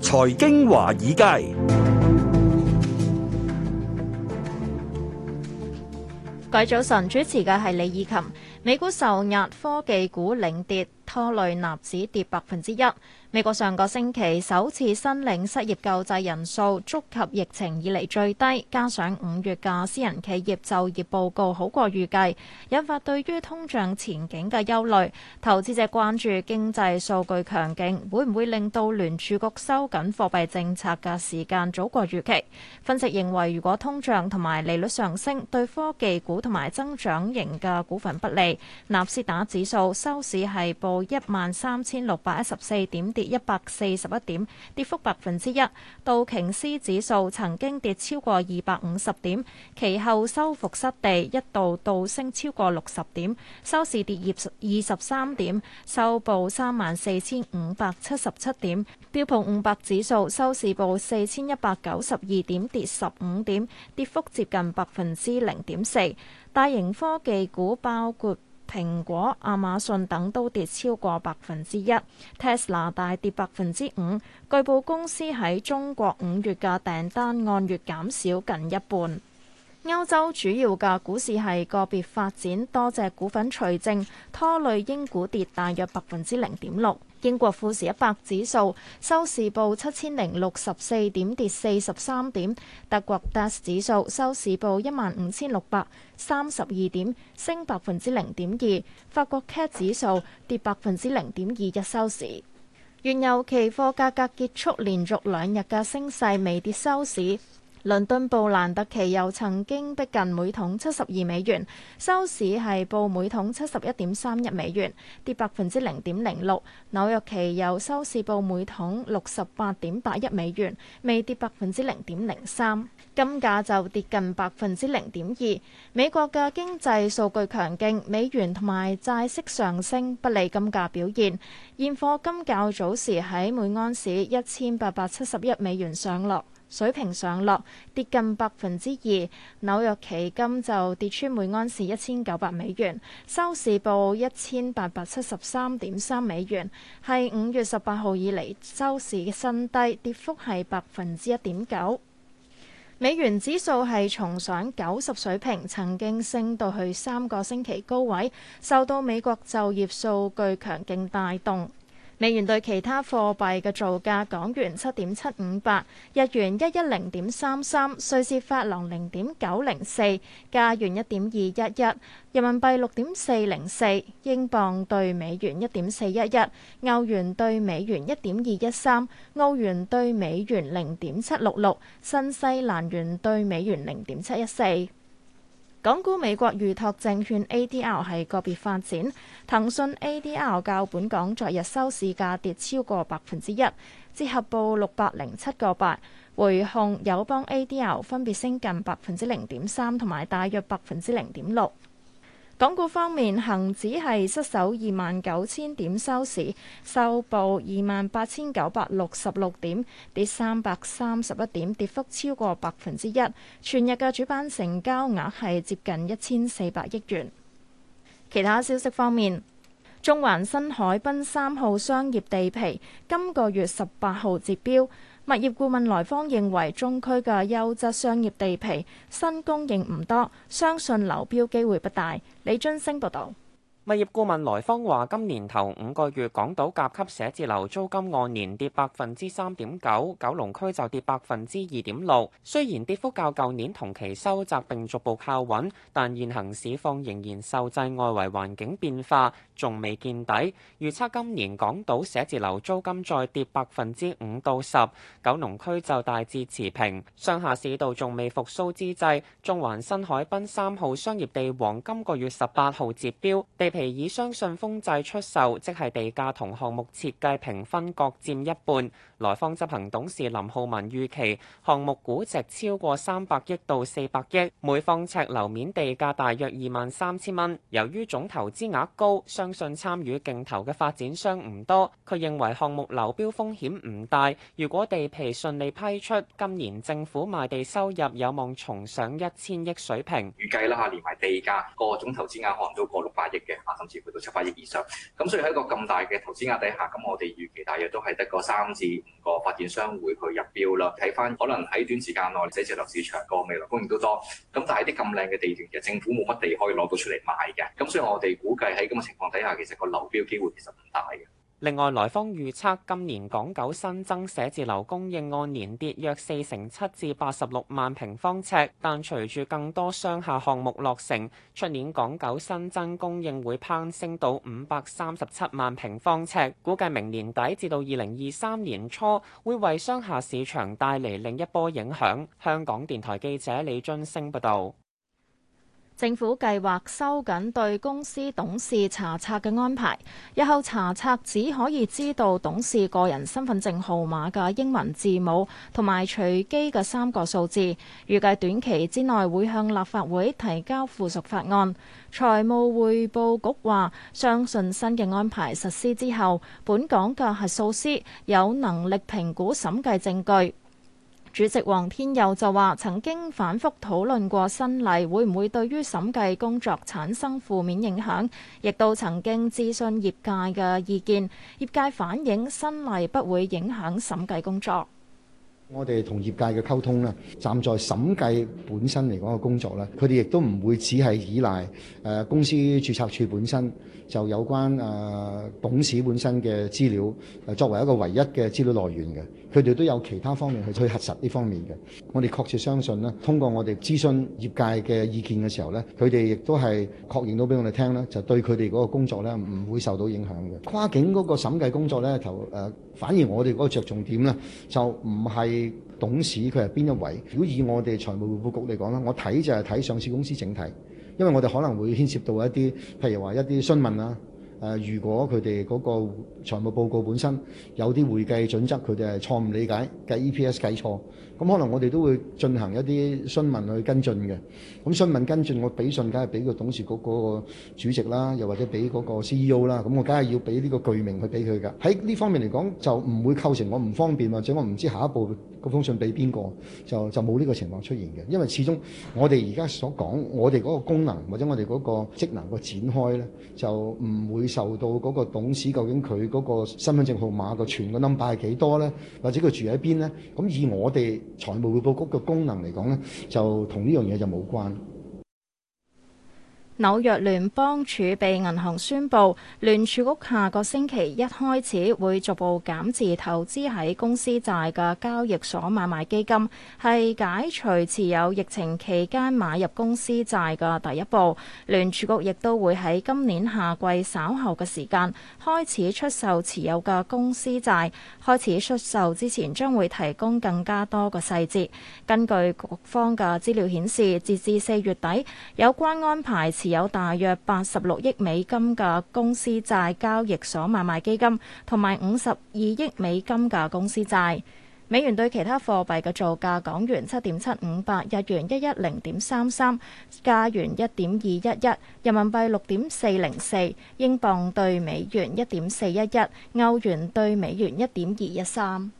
財經華爾街，各位早晨，主持嘅係李以琴。美股受壓，科技股領跌。拖累納指跌百分之一。美國上個星期首次申領失業救濟人數觸及疫情以嚟最低，加上五月嘅私人企業就業報告好過預計，引發對於通脹前景嘅憂慮。投資者關注經濟數據強勁會唔會令到聯儲局收緊貨幣政策嘅時間早過預期。分析認為，如果通脹同埋利率上升，對科技股同埋增長型嘅股份不利。納斯達指數收市係報。一萬三千六百一十四點，跌一百四十一點，跌幅百分之一。道瓊斯指數曾經跌超過二百五十點，其後收復失地，一度倒升超過六十點，收市跌二十三點，收報三萬四千五百七十七點。標普五百指數收市報四千一百九十二點，跌十五點，跌幅接近百分之零點四。大型科技股包括，蘋果、亞馬遜等都跌超過百分之一，Tesla 大跌百分之五。據報公司喺中國五月嘅訂單按月減少近一半。歐洲主要嘅股市係個別發展，多隻股份除正拖累英股跌大約百分之零點六。英國富時一百指數收市報七千零六十四點，跌四十三點。德國 DAX 指數收市報一萬五千六百三十二點，升百分之零點二。法國 CAC 指數跌百分之零點二一收市。原油期貨價格結束連續兩日嘅升勢，微跌收市。倫敦布蘭特期油曾經逼近每桶七十二美元，收市係報每桶七十一點三一美元，跌百分之零點零六。紐約期油收市報每桶六十八點八一美元，未跌百分之零點零三。金價就跌近百分之零點二。美國嘅經濟數據強勁，美元同埋債息上升不利金價表現。現貨金較早時喺每安士一千八百七十一美元上落。水平上落，跌近百分之二。紐約期金就跌穿每安士一千九百美元，收市報一千八百七十三點三美元，係五月十八號以嚟收市嘅新低，跌幅係百分之一點九。美元指數係重上九十水平，曾經升到去三個星期高位，受到美國就業數據強勁帶動。美元對其他貨幣嘅造價：港元七點七五八，日元一一零點三三，瑞士法郎零點九零四，加元一點二一一，人民幣六點四零四，英鎊對美元一點四一一，歐元對美元一點二一三，澳元對美元零點七六六，新西蘭元對美元零點七一四。港股、美國預託證券 ADR 係個別發展，騰訊 ADR 較本港昨日收市價跌超過百分之一，折合報六百零七個八，匯控友邦 ADR 分別升近百分之零點三同埋大約百分之零點六。港股方面，恒指係失守二萬九千點收市，收報二萬八千九百六十六點，跌三百三十一點，跌幅超過百分之一。全日嘅主板成交額係接近一千四百億元。其他消息方面。中環新海濱三號商業地皮今個月十八號截標，物業顧問來方認為中區嘅優質商業地皮新供應唔多，相信流標機會不大。李津升報道。物業顧問萊坊話：今年頭五個月，港島甲級寫字樓租金按年跌百分之三點九，九龍區就跌百分之二點六。雖然跌幅較舊年同期收窄並逐步靠穩，但現行市況仍然受制外圍環境變化，仲未見底。預測今年港島寫字樓租金再跌百分之五到十，10, 九龍區就大致持平。上下市道仲未復甦之際，中環新海濱三號商業地王今個月十八號截標，其以雙信封制出售，即係地價同項目設計評分各佔一半。來方執行董事林浩文預期項目估值超過三百億到四百億，每方尺樓面地價大約二萬三千蚊。由於總投資額高，相信參與競投嘅發展商唔多。佢認為項目流標風險唔大。如果地皮順利批出，今年政府賣地收入有望重上一千億水平。預計啦嚇，連埋地價個總投資額可能都過六百億嘅。甚至去到七八億以上，咁所以喺一個咁大嘅投資額底下，咁我哋預期大約都係得個三至五個發展商會去入標啦。睇翻可能喺短時間內，寫字樓市場個未來供應都多，咁但係啲咁靚嘅地段其實政府冇乜地可以攞到出嚟賣嘅，咁所以我哋估計喺咁嘅情況底下，其實個流標機會其實唔大嘅。另外，來方預測今年港九新增寫字樓供應按年跌約四成七至八十六萬平方尺，但隨住更多商廈項目落成，出年港九新增供應會攀升到五百三十七萬平方尺，估計明年底至到二零二三年初會為商廈市場帶嚟另一波影響。香港電台記者李津星報道。政府計劃收緊對公司董事查冊嘅安排以後查冊只可以知道董事個人身份證號碼嘅英文字母同埋隨機嘅三個數字預計短期之內會向立法會提交附屬法案財務匯報局話相信新嘅安排實施之後本港嘅核數師有能力評估審計證據主席黃天佑就話，曾經反覆討論過新例會唔會對於審計工作產生負面影響，亦都曾經咨詢業界嘅意見，業界反映新例不會影響審計工作。我哋同業界嘅溝通啦，站在審計本身嚟講嘅工作咧，佢哋亦都唔會只係依賴誒、呃、公司註冊處本身就有關誒、呃、董事本身嘅資料誒、呃、作為一個唯一嘅資料來源嘅，佢哋都有其他方面去去核實呢方面嘅。我哋確切相信咧，通過我哋諮詢業界嘅意見嘅時候咧，佢哋亦都係確認到俾我哋聽咧，就對佢哋嗰個工作咧唔會受到影響嘅。跨境嗰個審計工作咧，頭、呃、誒反而我哋嗰個著重點咧，就唔係。董事佢係邊一位？如果以我哋財務匯報局嚟講咧，我睇就係睇上市公司整體，因為我哋可能會牽涉到一啲，譬如話一啲詢問啦、啊。誒、呃，如果佢哋嗰個財務報告本身有啲會計準則，佢哋係錯誤理解計 E P S 計錯，咁、嗯、可能我哋都會進行一啲詢問去跟進嘅。咁、嗯、詢問跟進，我俾信梗係俾個董事局嗰個主席啦，又或者俾嗰個 C E O 啦，咁、嗯、我梗係要俾呢個具名去俾佢㗎。喺呢方面嚟講，就唔會構成我唔方便或者我唔知下一步。個封信俾邊個，就就冇呢個情況出現嘅。因為始終我哋而家所講我哋嗰個功能或者我哋嗰個職能個展開呢，就唔會受到嗰個董事究竟佢嗰個身份證號碼個全個 number 係幾多呢，或者佢住喺邊呢。咁、嗯、以我哋財務匯報局嘅功能嚟講呢，就同呢樣嘢就冇關。紐約聯邦儲備銀行宣布，聯儲局下個星期一開始會逐步減持投資喺公司債嘅交易所買賣基金，係解除持有疫情期間買入公司債嘅第一步。聯儲局亦都會喺今年夏季稍後嘅時間開始出售持有嘅公司債。開始出售之前將會提供更加多嘅細節。根據局方嘅資料顯示，截至四月底，有關安排，持有大約八十六億美金嘅公司債交易所買賣基金，同埋五十二億美金嘅公司債。美元對其他貨幣嘅造價：港元七點七五八，日元一一零點三三，加元一點二一一，人民幣六點四零四，英鎊對美元一點四一一，歐元對美元一點二一三。